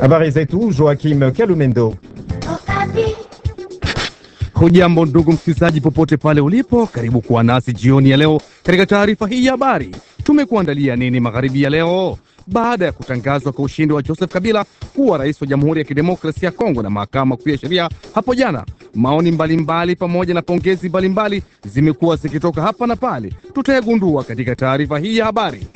Habari zetu Joakim Kalumendo. Hujambo ndugu msikilizaji, popote pale ulipo, karibu kuwa nasi jioni ya leo katika taarifa hii ya habari. Tumekuandalia nini magharibi ya leo? Baada ya kutangazwa kwa ushindi wa Joseph Kabila kuwa rais wa Jamhuri ya Kidemokrasia ya Kongo na Mahakama Kuu ya Sheria hapo jana, maoni mbalimbali mbali, pamoja na pongezi mbalimbali zimekuwa zikitoka hapa na pale, tutayagundua katika taarifa hii ya habari.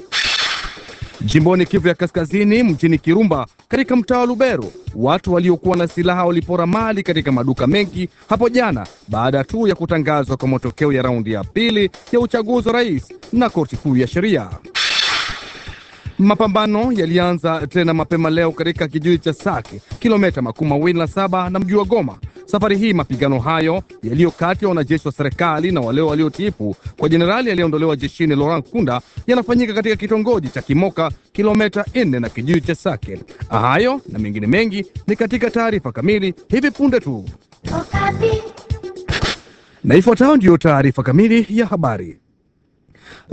Jimboni Kivu ya Kaskazini, mjini Kirumba, katika mtaa wa Lubero, watu waliokuwa na silaha walipora mali katika maduka mengi hapo jana, baada tu ya kutangazwa kwa matokeo ya raundi ya pili ya uchaguzi wa rais na korti kuu ya sheria. Mapambano yalianza tena mapema leo katika kijiji cha Sake, kilomita makumi mawili na saba na mji wa Goma. Safari hii mapigano hayo yaliyo kati ya wanajeshi wa serikali na wale waliotiifu kwa jenerali aliyeondolewa jeshini Laurent Kunda yanafanyika katika kitongoji cha Kimoka, kilometa nne na kijiji cha Sake. Hayo na mengine mengi ni katika taarifa kamili hivi punde tu, na ifuatayo ndiyo taarifa kamili ya habari.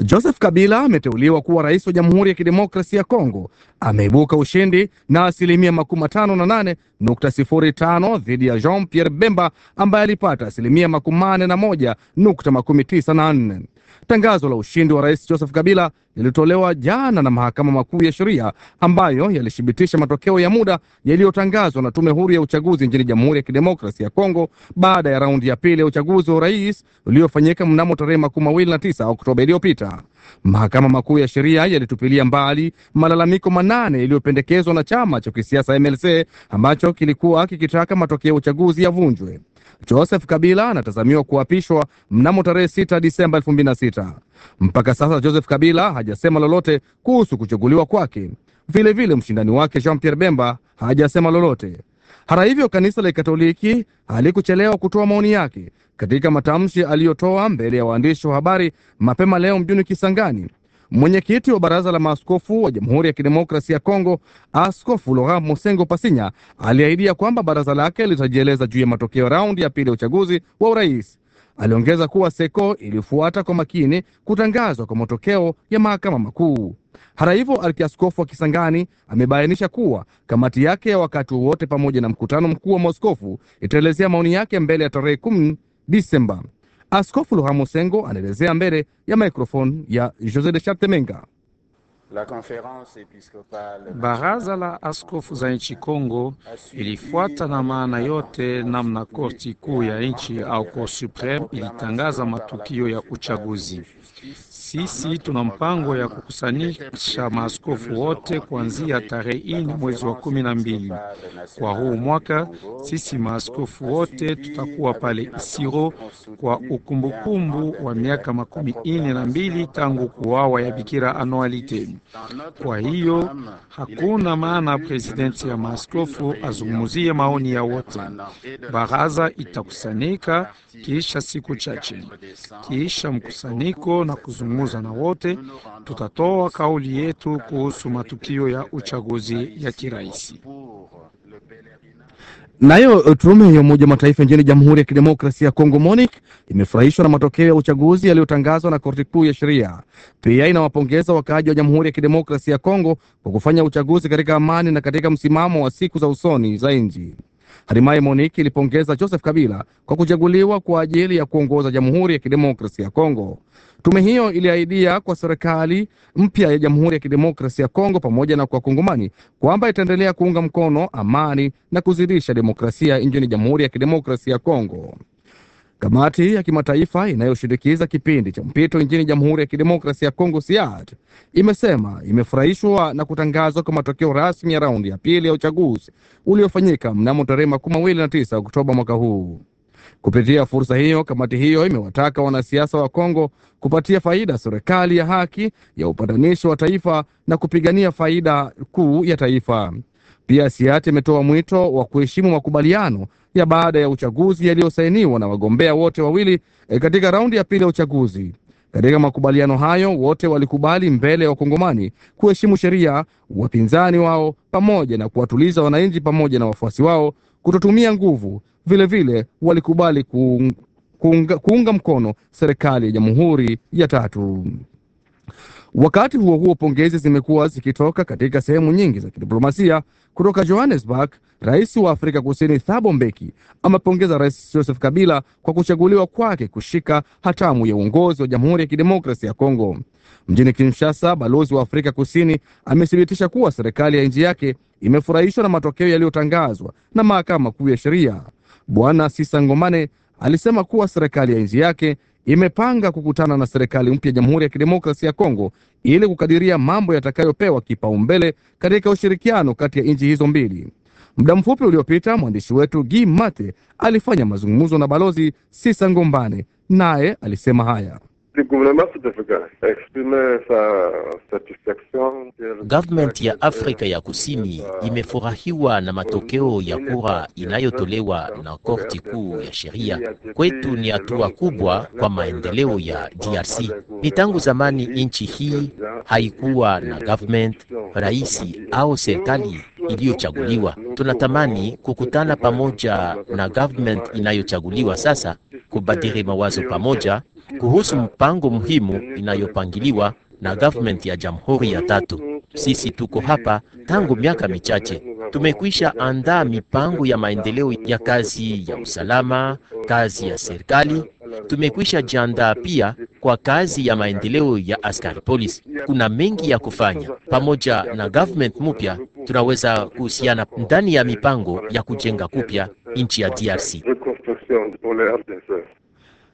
Joseph Kabila ameteuliwa kuwa rais wa Jamhuri ya Kidemokrasia ya Kongo. Ameibuka ushindi na asilimia makumi matano na nane nukta sifuri tano dhidi ya Jean Pierre Bemba ambaye alipata asilimia makumi mane na moja nukta makumi tisa na nne. Tangazo la ushindi wa Rais Joseph Kabila lilitolewa jana na mahakama makuu ya sheria ambayo yalithibitisha matokeo ya muda yaliyotangazwa na tume huru ya uchaguzi nchini Jamhuri ya Kidemokrasia ya Kongo baada ya raundi ya pili ya uchaguzi wa urais uliofanyika mnamo tarehe makumi mawili na tisa Oktoba iliyopita. Mahakama makuu ya sheria yalitupilia mbali malalamiko manane yaliyopendekezwa na chama cha kisiasa MLC ambacho kilikuwa kikitaka matokeo ya uchaguzi yavunjwe. Joseph Kabila anatazamiwa kuapishwa mnamo tarehe 6 Disemba 2006. Mpaka sasa Joseph Kabila hajasema lolote kuhusu kuchaguliwa kwake. Vilevile mshindani wake Jean Pierre Bemba hajasema lolote. Hata hivyo, kanisa la Katoliki halikuchelewa kutoa maoni yake katika matamshi aliyotoa mbele ya waandishi wa habari mapema leo mjini Kisangani Mwenyekiti wa baraza la maaskofu wa Jamhuri ya Kidemokrasia ya Kongo, Askofu Laurent Mosengo Pasinya, aliahidia kwamba baraza lake litajieleza juu ya matokeo ya raundi ya pili ya uchaguzi wa urais. Aliongeza kuwa SEKO ilifuata kwa makini kutangazwa kwa matokeo ya mahakama makuu. Hata hivyo, Arkiaskofu wa Kisangani amebainisha kuwa kamati yake ya wakati wowote pamoja na mkutano mkuu wa maaskofu itaelezea maoni yake mbele ya tarehe 1 Disemba. Askofu Luhamo Musengo anaelezea mbele ya microphone ya Jose de Chartemenga. La Baraza la askofu za nchi Kongo ilifuata na maana yote namna korti kuu ya nchi au Cour Supreme ilitangaza matukio ya uchaguzi. Sisi tuna mpango ya kukusanisha maaskofu wote kuanzia tarehe ini mwezi wa kumi na mbili kwa huu mwaka. Sisi maaskofu wote tutakuwa pale Isiro kwa ukumbukumbu wa miaka makumi ine na mbili tangu kuwawa ya Bikira Anualite. Kwa hiyo hakuna maana presidenti ya maaskofu azungumuzie maoni ya wote. Baraza itakusanyika kisha siku chache kisha mkusanyiko na kuzungumza tutazungumuza na wote, tutatoa kauli yetu kuhusu matukio ya uchaguzi ya kiraisi. Nayo uh, tume ya Umoja Mataifa nchini Jamhuri ya Kidemokrasia ya Kongo monik imefurahishwa na matokeo ya uchaguzi yaliyotangazwa na korti kuu ya sheria. Pia inawapongeza wakaaji wa Jamhuri ya Kidemokrasia ya Kongo kwa kufanya uchaguzi katika amani na katika msimamo wa siku za usoni za nchi. Hatimaye monik ilipongeza Joseph Kabila kwa kuchaguliwa kwa ajili ya kuongoza Jamhuri ya Kidemokrasia ya Kongo. Tume hiyo iliahidia kwa serikali mpya ya Jamhuri ya Kidemokrasia ya Kongo pamoja na kwa Kongomani kwamba itaendelea kuunga mkono amani na kuzidisha demokrasia nchini Jamhuri ya Kidemokrasia ya Kongo. Kamati ya kimataifa inayoshirikiza kipindi cha mpito nchini Jamhuri ya Kidemokrasia ya Kongo SIAD imesema imefurahishwa na kutangazwa kwa matokeo rasmi ya raundi ya pili ya uchaguzi uliofanyika mnamo tarehe makumi mawili na tisa Oktoba mwaka huu. Kupitia fursa hiyo, kamati hiyo imewataka wanasiasa wa Kongo kupatia faida serikali ya haki ya upatanishi wa taifa na kupigania faida kuu ya taifa. Pia Siati imetoa mwito wa kuheshimu makubaliano ya baada ya uchaguzi yaliyosainiwa na wagombea wote wawili eh, katika raundi ya pili ya uchaguzi. Katika makubaliano hayo, wote walikubali mbele ya wakongomani kuheshimu sheria, wapinzani wao, pamoja na kuwatuliza wananchi pamoja na wafuasi wao, kutotumia nguvu, vilevile walikubali kuunga, kuunga, mkono serikali ya jamhuri ya tatu. Wakati huo huo, pongezi zimekuwa zikitoka katika sehemu nyingi za kidiplomasia. Kutoka Johannesburg, rais wa Afrika Kusini Thabo Mbeki amepongeza Rais Joseph Kabila kwa kuchaguliwa kwake kushika hatamu ya uongozi wa Jamhuri ya Kidemokrasia ya Kongo. Mjini Kinshasa, balozi wa Afrika Kusini amethibitisha kuwa serikali ya nchi yake imefurahishwa na matokeo yaliyotangazwa na Mahakama Kuu ya Sheria. Bwana Sisangomane alisema kuwa serikali ya nchi yake imepanga kukutana na serikali mpya ya Jamhuri ya Kidemokrasia ya Kongo ili kukadiria mambo yatakayopewa kipaumbele katika ushirikiano kati ya nchi hizo mbili. Muda mfupi uliopita mwandishi wetu Gi Mate alifanya mazungumzo na balozi sisangombane naye alisema haya. Le gouvernement exprime sa satisfaction. Government ya Afrika ya Kusini imefurahiwa na matokeo ya kura inayotolewa na korti kuu ya sheria. Kwetu ni hatua kubwa kwa maendeleo ya DRC. Ni tangu zamani nchi hii haikuwa na government, rais au serikali iliyochaguliwa. Tunatamani kukutana pamoja na government inayochaguliwa sasa, kubadili mawazo pamoja kuhusu mpango muhimu inayopangiliwa na government ya Jamhuri ya tatu. Sisi tuko hapa tangu miaka michache, tumekwisha andaa mipango ya maendeleo ya kazi ya usalama, kazi ya serikali. Tumekwisha jiandaa pia kwa kazi ya maendeleo ya askari polisi. Kuna mengi ya kufanya pamoja na government mupya, tunaweza kuhusiana ndani ya mipango ya kujenga kupya nchi ya DRC.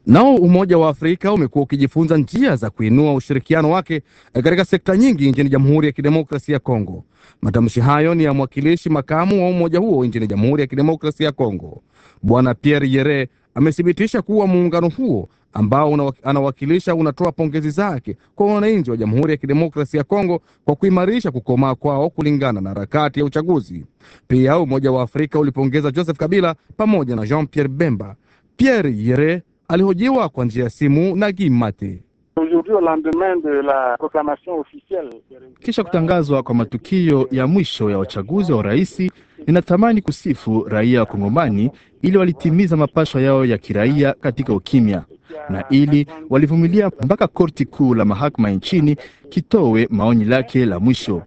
Nao Umoja wa Afrika umekuwa ukijifunza njia za kuinua ushirikiano wake eh, katika sekta nyingi nchini Jamhuri ya Kidemokrasia ya Kongo. Matamshi hayo ni ya mwakilishi makamu wa umoja huo nchini Jamhuri ya Kidemokrasia ya Kongo. Bwana Pierre Yere amethibitisha kuwa muungano huo ambao anawakilisha unatoa pongezi zake kwa wananchi wa Jamhuri ya Kidemokrasia ya Kongo kwa kuimarisha kukomaa kwao kulingana na harakati ya uchaguzi. Pia Umoja wa Afrika ulipongeza Joseph Kabila pamoja na Jean Pierre Bemba. Pierre Yere alihojiwa kwa njia ya simu na Gimate kisha kutangazwa kwa matukio ya mwisho ya uchaguzi wa urais. Ninatamani kusifu raia wa Kongomani ili walitimiza mapashwa yao ya kiraia katika ukimya na ili walivumilia mpaka korti kuu la mahakama nchini kitowe maoni lake la mwisho.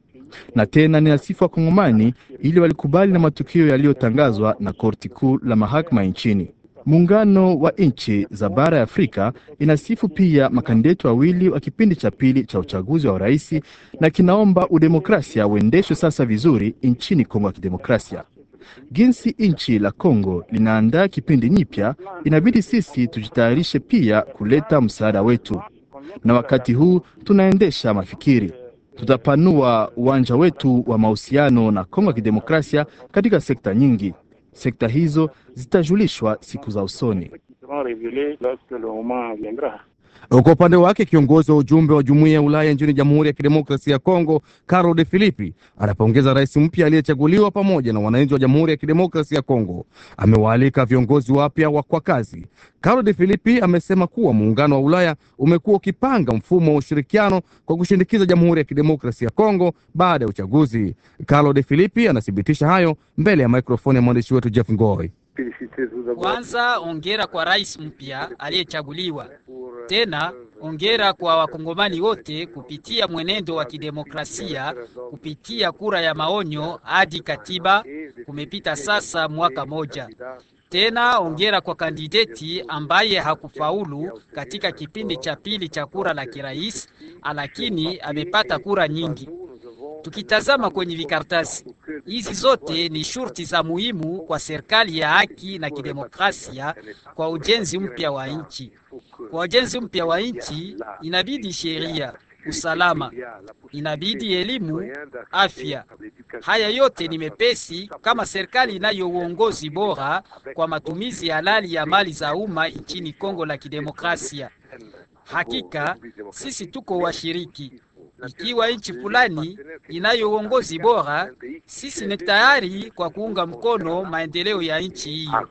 Na tena ninasifu Wakongomani ili walikubali na matukio yaliyotangazwa na korti kuu la mahakama nchini. Muungano wa nchi za bara ya Afrika inasifu pia makandidati wawili wa kipindi cha pili cha uchaguzi wa urais na kinaomba udemokrasia uendeshwe sasa vizuri nchini Kongo ya Kidemokrasia. Jinsi nchi la Kongo linaandaa kipindi nyipya, inabidi sisi tujitayarishe pia kuleta msaada wetu, na wakati huu tunaendesha mafikiri tutapanua uwanja wetu wa mahusiano na Kongo ya Kidemokrasia katika sekta nyingi. Sekta hizo zitajulishwa siku za usoni. Kwa upande wake kiongozi wa ujumbe wa jumuiya ya Ulaya nchini Jamhuri ya Kidemokrasia ya Kongo, Carol de Philipi, anapongeza rais mpya aliyechaguliwa pamoja na wananchi wa Jamhuri ya Kidemokrasia ya Kongo. Amewaalika viongozi wapya wa kwa kazi. Carol de Philipi amesema kuwa muungano wa Ulaya umekuwa ukipanga mfumo wa ushirikiano kwa kushindikiza Jamhuri ya Kidemokrasia ya Kongo baada ya uchaguzi. Carol de Philipi anathibitisha hayo mbele ya mikrofoni ya mwandishi wetu Jeff Ngoi. Kwanza ongera kwa rais mpya aliyechaguliwa. Tena ongera kwa wakongomani wote kupitia mwenendo wa kidemokrasia, kupitia kura ya maonyo hadi katiba. Kumepita sasa mwaka moja. Tena ongera kwa kandideti ambaye hakufaulu katika kipindi cha pili cha kura la kirais, lakini amepata kura nyingi. Tukitazama kwenye vikaratasi hizi, zote ni shurti za muhimu kwa serikali ya haki na kidemokrasia kwa ujenzi mpya wa nchi. Kwa ujenzi mpya wa nchi inabidi sheria, usalama, inabidi elimu, afya. Haya yote ni mepesi kama serikali inayo uongozi bora kwa matumizi halali ya mali za umma nchini Kongo la Kidemokrasia. Hakika sisi tuko washiriki. Ikiwa nchi fulani inayo uongozi bora, sisi ni tayari kwa kuunga mkono maendeleo ya nchi hiyo.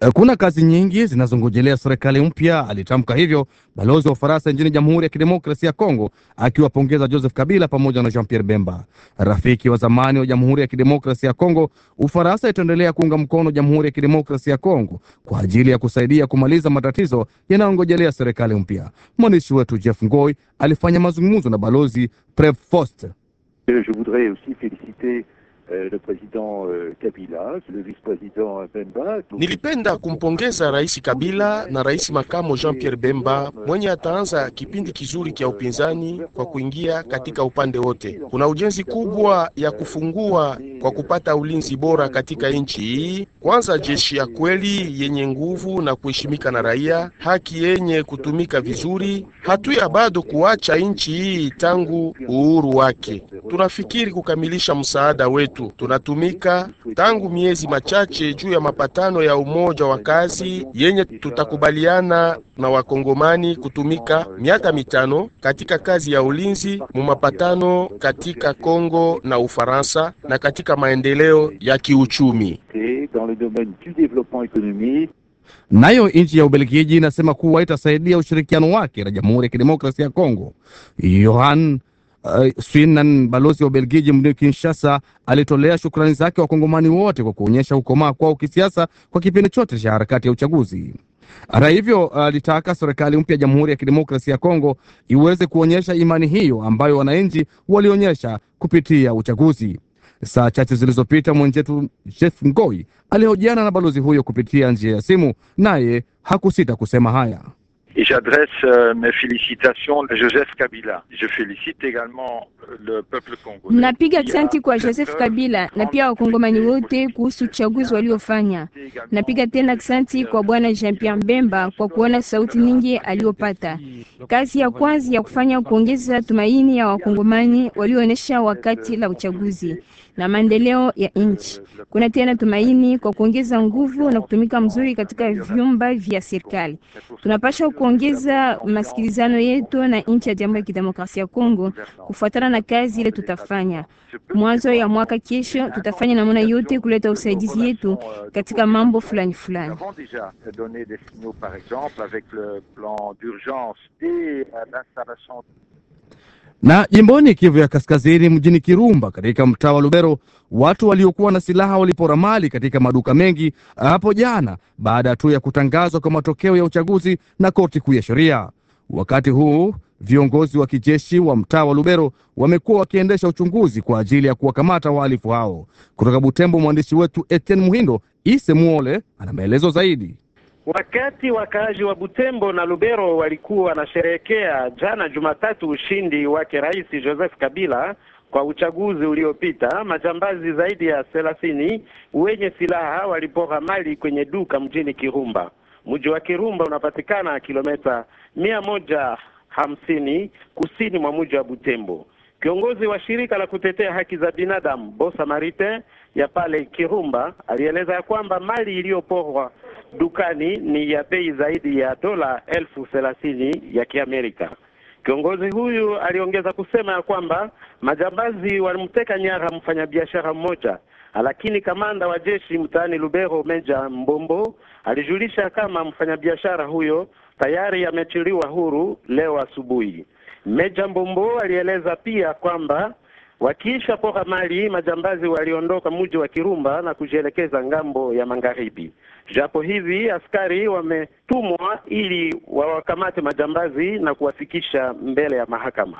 Eh, kuna kazi nyingi zinazongojelea serikali mpya, alitamka hivyo balozi wa Ufaransa nchini Jamhuri ya Kidemokrasia ya Kongo, akiwapongeza Joseph Kabila pamoja na Jean Pierre Bemba, rafiki wa zamani wa Jamhuri ya Kidemokrasia ya Kongo. Ufaransa itaendelea kuunga mkono Jamhuri ya Kidemokrasia ya Kongo kwa ajili ya kusaidia kumaliza matatizo yanayongojelea serikali mpya. Mwandishi wetu Jeff Ngoi alifanya mazungumzo na balozi prefost Je voudrais aussi feliciter Euh, le président euh, Kabila, le vice-président Bemba. Nilipenda kumpongeza Rais Kabila na Rais Makamo Jean-Pierre Bemba mwenye ataanza kipindi kizuri cha upinzani kwa kuingia katika upande wote. Kuna ujenzi kubwa ya kufungua kwa kupata ulinzi bora katika nchi hii. Kwanza jeshi ya kweli yenye nguvu na kuheshimika na raia, haki yenye kutumika vizuri. Hatuya bado kuacha nchi hii tangu uhuru wake. Tunafikiri kukamilisha msaada wetu yetu. Tunatumika tangu miezi machache juu ya mapatano ya umoja wa kazi yenye tutakubaliana na wakongomani kutumika miaka mitano katika kazi ya ulinzi mu mapatano katika Kongo na Ufaransa na katika maendeleo ya kiuchumi. Nayo nchi ya Ubelgiji inasema kuwa itasaidia ushirikiano wake na Jamhuri ya Kidemokrasia ya Kongo. Yohan uh, eh, Swinan, balozi wa Ubelgiji mjini Kinshasa, alitolea shukrani zake wakongomani wote kwa kuonyesha ukomaa kwao kisiasa kwa kipindi chote cha harakati ya uchaguzi. Hata hivyo alitaka serikali mpya ya Jamhuri ya Kidemokrasia ya Kongo iweze kuonyesha imani hiyo ambayo wananchi walionyesha kupitia uchaguzi. Saa chache zilizopita mwenzetu Jeff Ngoi alihojiana na balozi huyo kupitia njia ya simu, naye hakusita kusema haya. Et j'adresse euh, mes félicitations à Joseph Kabila. Je félicite également euh, le peuple congolais. Napiga asanti kwa Joseph Kabila na pia wakongomani wote kuhusu uchaguzi waliofanya. Napiga tena asanti kwa bwana Jean-Pierre Bemba kwa kuona sauti nyingi aliyopata. Kazi ya kwanza ya kufanya kuongeza tumaini ya wakongomani walioonyesha wakati la uchaguzi na maendeleo ya nchi. Kuna tena tumaini kwa kuongeza nguvu na kutumika mzuri katika vyumba vya serikali. Tunapasha kuongeza masikilizano yetu na nchi ya Jamhuri ya Kidemokrasia ya Kongo kufuatana na kazi ile tutafanya mwanzo ya mwaka kesho. Tutafanya namna yote kuleta usaidizi yetu katika mambo fulani fulani. Na jimboni Kivu ya Kaskazini, mjini Kirumba katika mtaa wa Lubero, watu waliokuwa na silaha walipora mali katika maduka mengi hapo jana, baada tu ya kutangazwa kwa matokeo ya uchaguzi na koti kuu ya sheria. Wakati huu viongozi wa kijeshi wa mtaa wa Lubero wamekuwa wakiendesha uchunguzi kwa ajili ya kuwakamata wahalifu hao. Kutoka Butembo, mwandishi wetu Etienne Muhindo Ise Muole ana maelezo zaidi. Wakati wakaaji wa Butembo na Lubero walikuwa wanasherehekea jana Jumatatu ushindi wake Rais Joseph Kabila kwa uchaguzi uliopita, majambazi zaidi ya thelathini wenye silaha walipora mali kwenye duka mjini Kirumba. Mji wa Kirumba unapatikana kilomita mia moja hamsini kusini mwa mji wa Butembo. Kiongozi wa shirika la kutetea haki za binadamu Bosa Marite ya pale Kirumba alieleza ya kwamba mali iliyoporwa dukani ni ya bei zaidi ya dola elfu thelathini ya Kiamerika. Kiongozi huyu aliongeza kusema ya kwamba majambazi walimteka nyara mfanyabiashara mmoja, lakini kamanda wa jeshi mtaani Lubero, Meja Mbombo, alijulisha kama mfanyabiashara huyo tayari amechiliwa huru leo asubuhi. Meja Mbombo alieleza pia kwamba wakiisha pora mali, majambazi waliondoka mji wa Kirumba na kujielekeza ngambo ya magharibi. Japo hivi askari wametumwa ili wawakamate majambazi na kuwafikisha mbele ya mahakama.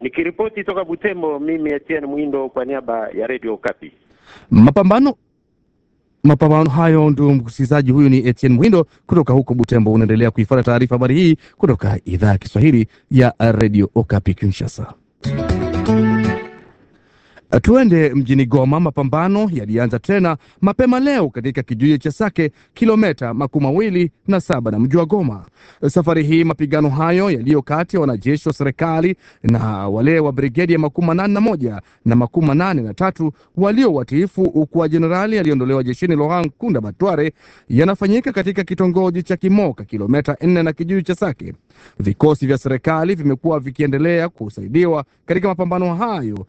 Nikiripoti toka Butembo, mimi Etienne Mwindo kwa niaba ya Radio Kapi. Mapambano mapambano hayo, ndio msikilizaji. Huyu ni Etienne Mwindo kutoka huko Butembo. Unaendelea kuifuata taarifa habari hii kutoka idhaa ya Kiswahili ya Radio Okapi Kinshasa. Tuende mjini Goma. Mapambano yalianza tena mapema leo katika kijiji cha Sake, kilometa makumi mawili na saba na mji wa Goma. Safari hii mapigano hayo yaliyo kati ya wanajeshi wa serikali na wale wa brigedi ya makumi manane na moja na makumi manane na tatu walio watiifu kwa jenerali aliyeondolewa jeshini Laurent Kunda Batware yanafanyika katika kitongoji cha Kimoka, kilometa nne na kijiji cha Sake. Vikosi vya serikali vimekuwa vikiendelea kusaidiwa katika mapambano hayo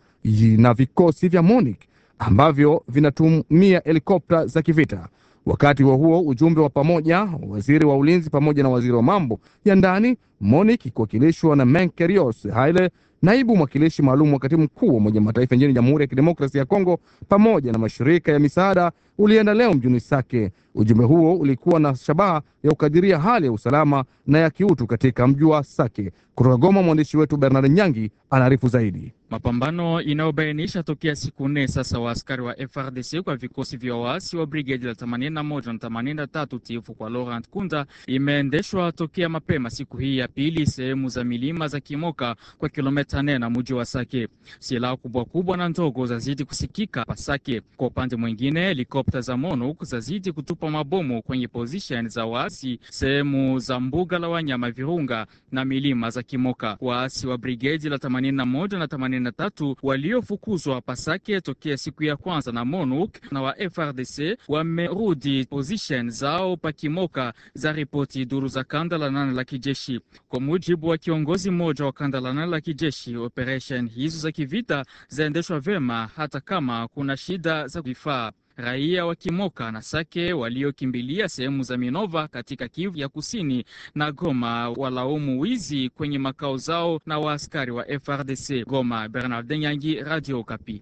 na vikosi vya MONUC ambavyo vinatumia helikopta za kivita. Wakati huo huo, ujumbe wa pamoja waziri wa ulinzi pamoja na waziri wa mambo ya ndani MONUC ikiwakilishwa na Menkerios Haile, naibu mwakilishi maalum wa katibu mkuu wa Umoja Mataifa nchini Jamhuri ya Kidemokrasia ya Kongo, pamoja na mashirika ya misaada ulienda leo mjini Sake. Ujumbe huo ulikuwa na shabaha ya kukadiria hali ya usalama na ya kiutu katika mji wa Sake. Kutoka Goma, mwandishi wetu Bernard Nyangi anaarifu zaidi. Mapambano inayobainisha tokea siku nne sasa wa askari wa FRDC kwa vikosi vya waasi wa brigedi la 81 na 83 tifu kwa Laurent Kunda imeendeshwa tokea mapema siku hii ya pili sehemu za milima za Kimoka kwa kilomita nne na mji wa Sake. Silaha kubwa kubwa na ndogo zazidi kusikika sake Kwa upande mwingine, helikopta za MONUC zazidi kutupa mabomu kwenye position za waasi sehemu za mbuga la wanyama Virunga na milima za Kimoka. Waasi wa brigedi la 81 na 83 waliofukuzwa Pasake tokea siku ya kwanza na MONUC na wa FRDC wamerudi position zao pakimoka za ripoti duru za kanda la nane la kijeshi. Kwa mujibu wa kiongozi mmoja wa kanda la nane la kijeshi, operation hizo za kivita zaendeshwa vyema hata kama kuna shida za vifaa raia wa Kimoka na Sake waliokimbilia sehemu za Minova katika Kivu ya Kusini na Goma walaumu wizi kwenye makao zao na waaskari wa FRDC Goma. Bernard Nyangi, Radio Kapi.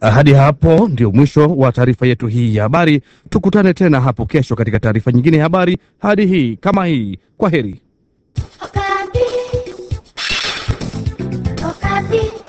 Ah, hadi hapo ndio mwisho wa taarifa yetu hii ya habari. Tukutane tena hapo kesho katika taarifa nyingine ya habari. Hadi hii kama hii, kwa heri. Okapi. Okapi.